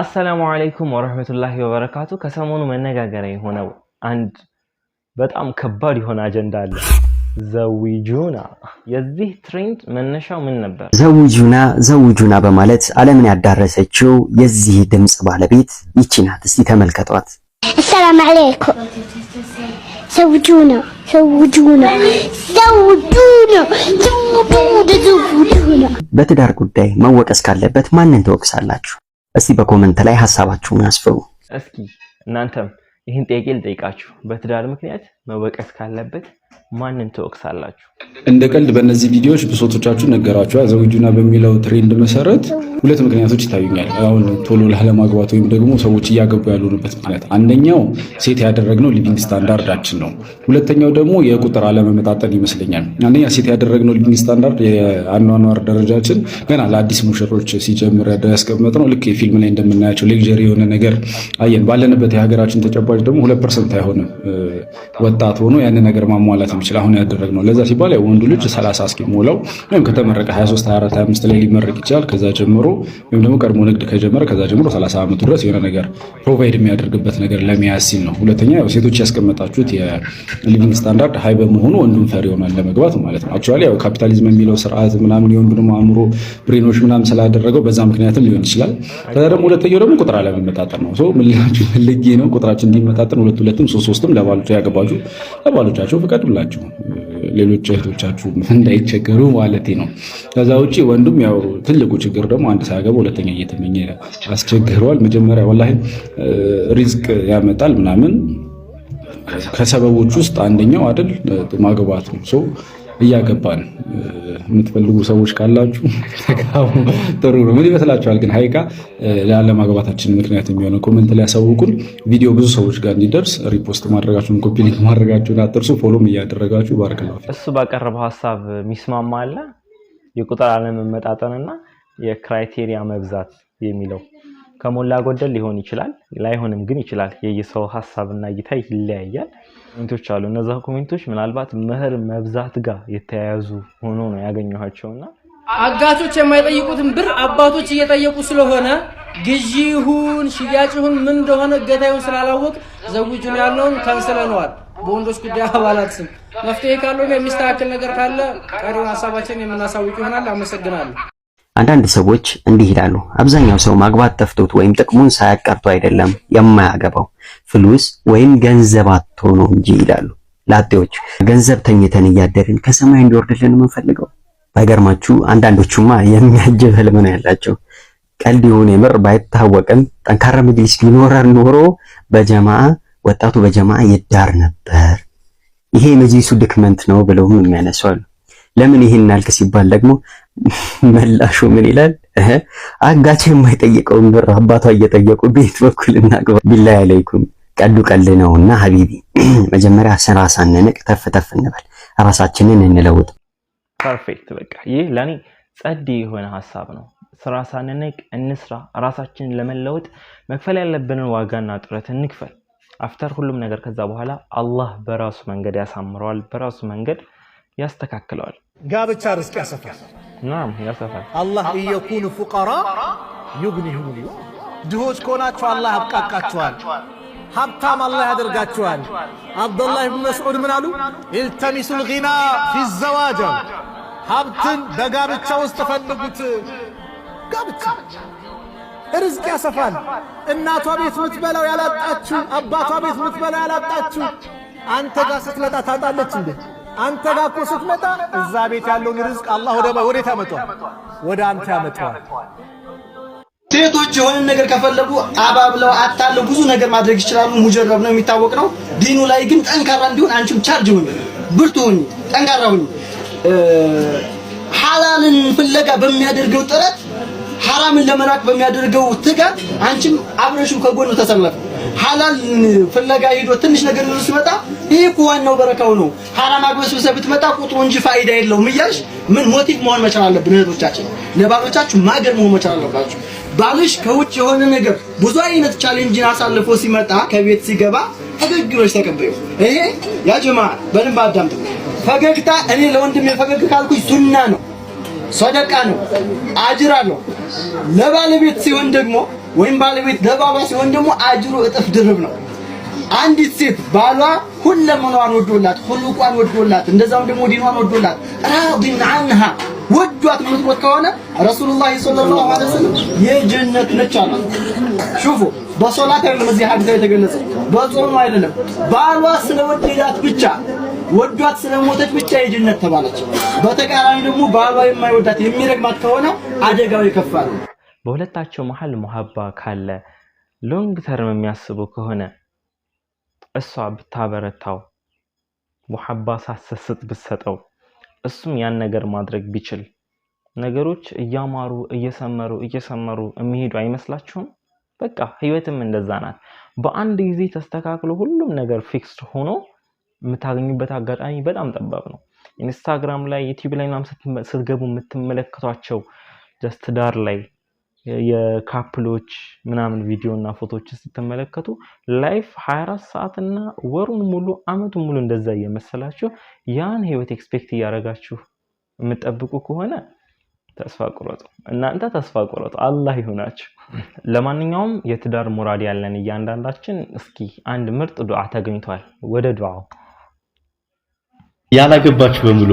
አሰላሙ አለይኩም ወረህመቱላሂ ወበረካቱ። ከሰሞኑ መነጋገሪያ የሆነው አንድ በጣም ከባድ የሆነ አጀንዳ አለ። ዘዊጁና የዚህ ትሬንድ መነሻው ምን ነበር? ዘዊጁና ዘዊጁና በማለት ዓለምን ያዳረሰችው የዚህ ድምፅ ባለቤት ይቺ ናት። እስቲ ተመልከቷት። አሰላሙ አለይኩም በትዳር ጉዳይ መወቀስ ካለበት ማንን ትወቅሳላችሁ? እስቲ በኮመንት ላይ ሀሳባችሁን አስፍሩ። እስኪ እናንተም ይህን ጥያቄ ልጠይቃችሁ፣ በትዳር ምክንያት መወቀስ ካለበት ማንን ትወቅሳላችሁ? እንደ ቀልድ በእነዚህ ቪዲዮዎች ብሶቶቻችሁ ነገራችሁ። ዘውጁና በሚለው ትሬንድ መሰረት ሁለት ምክንያቶች ይታዩኛል። አሁን ቶሎ ላለማግባት ወይም ደግሞ ሰዎች እያገቡ ያልሆኑበት ምክንያት አንደኛው ሴት ያደረግነው ሊቪንግ ስታንዳርዳችን ነው። ሁለተኛው ደግሞ የቁጥር አለመመጣጠን ይመስለኛል። አንደኛ ሴት ያደረግነው ሊቪንግ ስታንዳርድ የአኗኗር ደረጃችን ገና ለአዲስ ሙሽሮች ሲጀምር ያስቀመጥ ነው። ልክ የፊልም ላይ እንደምናያቸው ሌግጀሪ የሆነ ነገር አየን። ባለንበት የሀገራችን ተጨባጭ ደግሞ ሁለት ፐርሰንት አይሆንም ወጣት ሆኖ ያንን ነገር ማሟላት ይችላል። አሁን ያደረግነው ለዛ ሲባል ወንዱ ልጅ 30 እስኪሞላው ወይም ከተመረቀ 23፣ 24፣ 25 ላይ ሊመረቅ ይችላል። ከዛ ጀምሮ ወይም ደግሞ ቀድሞ ንግድ ከጀመረ ከዛ ጀምሮ 30 ዓመቱ ድረስ የሆነ ነገር ፕሮቫይድ የሚያደርግበት ነገር ለመያዝ ሲል ነው። ሁለተኛ ያው ሴቶች ያስቀመጣችሁት የሊቪንግ ስታንዳርድ ሀይ በመሆኑ ወንዱም ፈር ይሆናል ለመግባት ማለት ነው። አክቹዋሊ ያው ካፒታሊዝም የሚለው ስርዓት ምናምን የወንዱንም አእምሮ ብሬኖች ምናምን ስላደረገው በዛ ምክንያትም ሊሆን ይችላል። ከዛ ደግሞ ሁለተኛው ደግሞ ቁጥር አለመመጣጠን ነው። ምላችሁ ልጌ ነው ቁጥራችን እንዲመጣጠን ሁለት ሁለትም ሶስት ሶስትም ለባሎቻ ያገባችሁ ለባሎቻቸው ፍቀዱላቸው። አድርጋችሁ ሌሎች እህቶቻችሁ እንዳይቸገሩ ማለት ነው። ከዛ ውጭ ወንዱም ያው ትልቁ ችግር ደግሞ አንድ ሳያገባ ሁለተኛ እየተመኘ አስቸግረዋል። መጀመሪያ ወላሂ ሪዝቅ ያመጣል ምናምን ከሰበቦች ውስጥ አንደኛው አይደል ማግባት ነው። እያገባን የምትፈልጉ ሰዎች ካላችሁ ጥሩ ነው። ምን ይመስላችኋል ግን ሀይቃ ለአለማግባታችን ምክንያት የሚሆነ ኮመንት ላይ ያሳውቁን። ቪዲዮ ብዙ ሰዎች ጋር እንዲደርስ ሪፖስት ማድረጋችሁን፣ ኮፒ ሊንክ ማድረጋችሁን አትርሱ። ፎሎም እያደረጋችሁ ባርክላ። እሱ ባቀረበው ሀሳብ የሚስማማ አለ የቁጥር አለመመጣጠንና የክራይቴሪያ መብዛት የሚለው ከሞላ ጎደል ሊሆን ይችላል፣ ላይሆንም ግን ይችላል። የሰው ሀሳብና እይታ ይለያያል። ኮሜንቶች አሉ። እነዛ ኮሜንቶች ምናልባት ምህር መብዛት ጋር የተያያዙ ሆኖ ነው ያገኘኋቸውና አጋቾች የማይጠይቁትን ብር አባቶች እየጠየቁ ስለሆነ ግዢ ይሁን ሽያጭ ይሁን ምን እንደሆነ እገታ ስላላወቅ ስላላወቅ ነው ያለውን ከንስለነዋል። በወንዶች ጉዳይ አባላት ስም መፍትሄ ካለው የሚስተካከል ነገር ካለ ቀሪውን ሀሳባችን የምናሳውቅ ይሆናል። አመሰግናለሁ። አንዳንድ ሰዎች እንዲህ ይላሉ፣ አብዛኛው ሰው ማግባት ጠፍቶት ወይም ጥቅሙን ሳያቀርቶ አይደለም የማያገባው ፍሉስ ወይም ገንዘብ አጥቶ ነው እንጂ ይላሉ። ላጤዎች ገንዘብ ተኝተን እያደርን ከሰማይ እንዲወርድልን የምንፈልገው። ባይገርማችሁ አንዳንዶቹማ የሚያጅብ ህልም ነው ያላቸው። ቀልድ ይሁን የምር ባይታወቅም ጠንካራ መጅሊስ ቢኖረን ኖሮ በጀማዓ ወጣቱ በጀማ ይዳር ነበር። ይሄ የመጅሊሱ ድክመንት ነው ብለውም የሚያነሱ አሉ። ለምን ይሄን አልክ ሲባል ደግሞ መላሹ ምን ይላል? አጋች የማይጠይቀውን ብር አባቷ እየጠየቁ ቤት በኩል እናግባ። ቢላሂ አለይኩም ቀዱ ቀልድ ነውና ሀቢቢ፣ መጀመሪያ ስራ ሳንንቅ ተፍ ተፍ እንበል፣ ራሳችንን እንለውጥ። ፐርፌክት። በቃ ይህ ለእኔ ጸድ የሆነ ሀሳብ ነው። ስራ ሳንንቅ እንስራ፣ ራሳችንን ለመለወጥ መክፈል ያለብንን ዋጋና ጥረት እንክፈል። አፍተር ሁሉም ነገር ከዛ በኋላ አላህ በራሱ መንገድ ያሳምረዋል፣ በራሱ መንገድ ያስተካክለዋል። ጋብቻ ርስቅ ያሰፋል። አላህ እየኩኑ ፉቀራ ዩግኒሁም ድሆች ከሆናችሁ አላህ አብቃቃችኋል፣ ሀብታም አላህ ያደርጋችኋል። አብዱላህ ብን መስዑድ ምን አሉ? ኢልተሚሱል ጊና ፊ ዘዋጅ ሀብትን በጋብቻ ውስጥ ፈልጉት። ጋብቻ ርዝቅ ያሰፋል። እናቷ ቤት ምትበላው ያላጣችሁ፣ አባቷ ቤት ምትበላው ያላጣችሁ አንተ ጋር ስትመጣ ታጣለች እንዴ? አንተ ጋር እኮ ስትመጣ እዛ ቤት ያለውን ርዝቅ አላህ ወዴት ያመጣዋል? ወደ አንተ ያመጣዋል። ሴቶች የሆነ ነገር ከፈለጉ አባብለው አታለው ብዙ ነገር ማድረግ ይችላሉ። ሙጀረብ ነው የሚታወቅ ነው። ዲኑ ላይ ግን ጠንካራ እንዲሆን አንቺም ቻርጅ ሁኝ፣ ብርቱ ሁኝ፣ ጠንካራ ሁኝ። ሐላልን ፍለጋ በሚያደርገው ጥረት ሐራምን ለመናቅ በሚያደርገው ትጋት አንቺም አብረሽው ከጎኑ ተሰለፈ ሐላል ፍለጋ ሄዶ ትንሽ ነገር ይዞ ሲመጣ ይሄ እኮ ዋናው በረካው ነው፣ ሐራም አግበስብሰህ ብትመጣ ቁጥሩ እንጂ ፋይዳ የለውም እያልሽ ምን ሞቲቭ መሆን መቻል አለብን። እህቶቻችን ለባሎቻችሁ ማገር መሆን መቻል አለባችሁ። ባልሽ ከውጭ የሆነ ነገር ብዙ አይነት ቻሌንጅን አሳልፎ ሲመጣ ከቤት ሲገባ ፈገግ ብለሽ ተቀበዩ። ይሄ ያ ጀማ በደንብ አዳምጥ። ፈገግታ እኔ ለወንድሜ ፈገግ ካልኩኝ ሱና ነው፣ ሰደቃ ነው፣ አጅር ነው። ለባለቤት ሲሆን ደግሞ ወይም ባለቤት ለባሏ ሲሆን ደግሞ አጅሩ እጥፍ ድርብ ነው። አንዲት ሴት ባሏ ሁለመኗን ወዶላት ሁሉቋን ወዶላት እንደዛም ደግሞ ዲኗን ወዶላት ራዲን አንሃ ወዷት የምትሞት ከሆነ ረሱሉላህ ሰለላሁ ዐለይሂ ወሰለም የጀነት ነች አሉ። ሹፉ በሶላት አይደለም እዚህ ሀዲስ የተገለጸ በጾም አይደለም ባሏ ስለወደዳት ብቻ ወዷት ስለሞተች ብቻ የጀነት ተባለች። በተቃራኒ ደግሞ ባሏ የማይወዳት የሚረግማት ከሆነ አደጋው ይከፋል። በሁለታቸው መሀል መሀባ ካለ ሎንግ ተርም የሚያስቡ ከሆነ እሷ ብታበረታው መሀባ ሳሰስጥ ብትሰጠው እሱም ያን ነገር ማድረግ ቢችል ነገሮች እያማሩ እየሰመሩ እየሰመሩ የሚሄዱ አይመስላችሁም? በቃ ህይወትም እንደዛ ናት። በአንድ ጊዜ ተስተካክሎ ሁሉም ነገር ፊክስድ ሆኖ የምታገኙበት አጋጣሚ በጣም ጠባብ ነው። ኢንስታግራም ላይ ዩቲዩብ ላይ ምናምን ስትገቡ የምትመለከቷቸው ጀስት ዳር ላይ የካፕሎች ምናምን ቪዲዮ እና ፎቶዎችን ስትመለከቱ ላይፍ 24 ሰዓት እና ወሩን ሙሉ አመቱን ሙሉ እንደዛ እየመሰላችሁ ያን ህይወት ኤክስፔክት እያደረጋችሁ የምጠብቁ ከሆነ ተስፋ ቁረጡ። እናንተ ተስፋ ቁረጡ፣ አላህ ይሁናችሁ። ለማንኛውም የትዳር ሙራድ ያለን እያንዳንዳችን እስኪ አንድ ምርጥ ዱዓ ተገኝቷል። ወደ ዱዓው ያላገባችሁ በሙሉ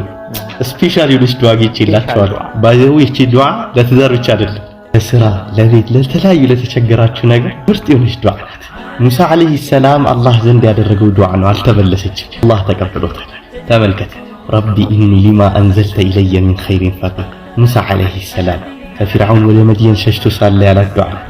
ስፔሻሊ ልጅ ዱዓ ጌቼላችኋለሁ። ባይዘው እቺ ዱዓ ለትዳር ብቻ አይደለም፣ ለስራ፣ ለቤት፣ ለተለያዩ ለተቸገራችሁ ነገር ምርጥ የሆነች ዱዓ ናት። ሙሳ አለይሂ ሰላም አላህ ዘንድ ያደረገው ዱዓ ነው፣ አልተመለሰችም። አላህ ተቀብሎታል። ተመልከት። ረቢ ኢኒ ሊማ አንዘልተ ኢለየ ሚን ኸይሪን ፈቂር። ሙሳ አለይሂ ሰላም ከፊርዓውን ወደ መድየን ሸሽቶ ሳለ ያላት ዱዓ ናት።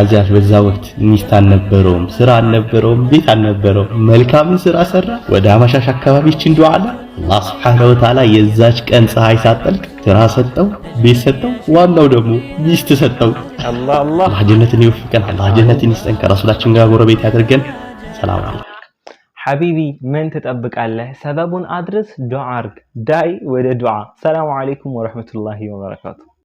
አዛዥ በዛ ወቅት ሚስት አልነበረውም፣ ስራ አልነበረውም፣ ቤት አልነበረውም። መልካምን ስራ ሰራ። ወደ አመሻሽ አካባቢ እቺን ዱዓ አለ አላህ ሱብሓነሁ ወተዓላ የዛች ቀን ፀሐይ ሳጠልቅ ስራ ሰጠው፣ ቤት ሰጠው፣ ዋናው ደግሞ ሚስት ሰጠው። አላህ አላህ ጀነትን ይወፍቀን፣ አላህ ጀነትን ይስጠን፣ ከረሱላችን ጋር ጎረቤት ያድርገን። ሰላም አለይኩም ሐቢቢ ምን ትጠብቃለህ? ሰበቡን አድርስ፣ ዱዓ አርግ፣ ዳይ ወደ ዱዓ። ሰላሙ አለይኩም ወረሕመቱላሂ ወበረካቱ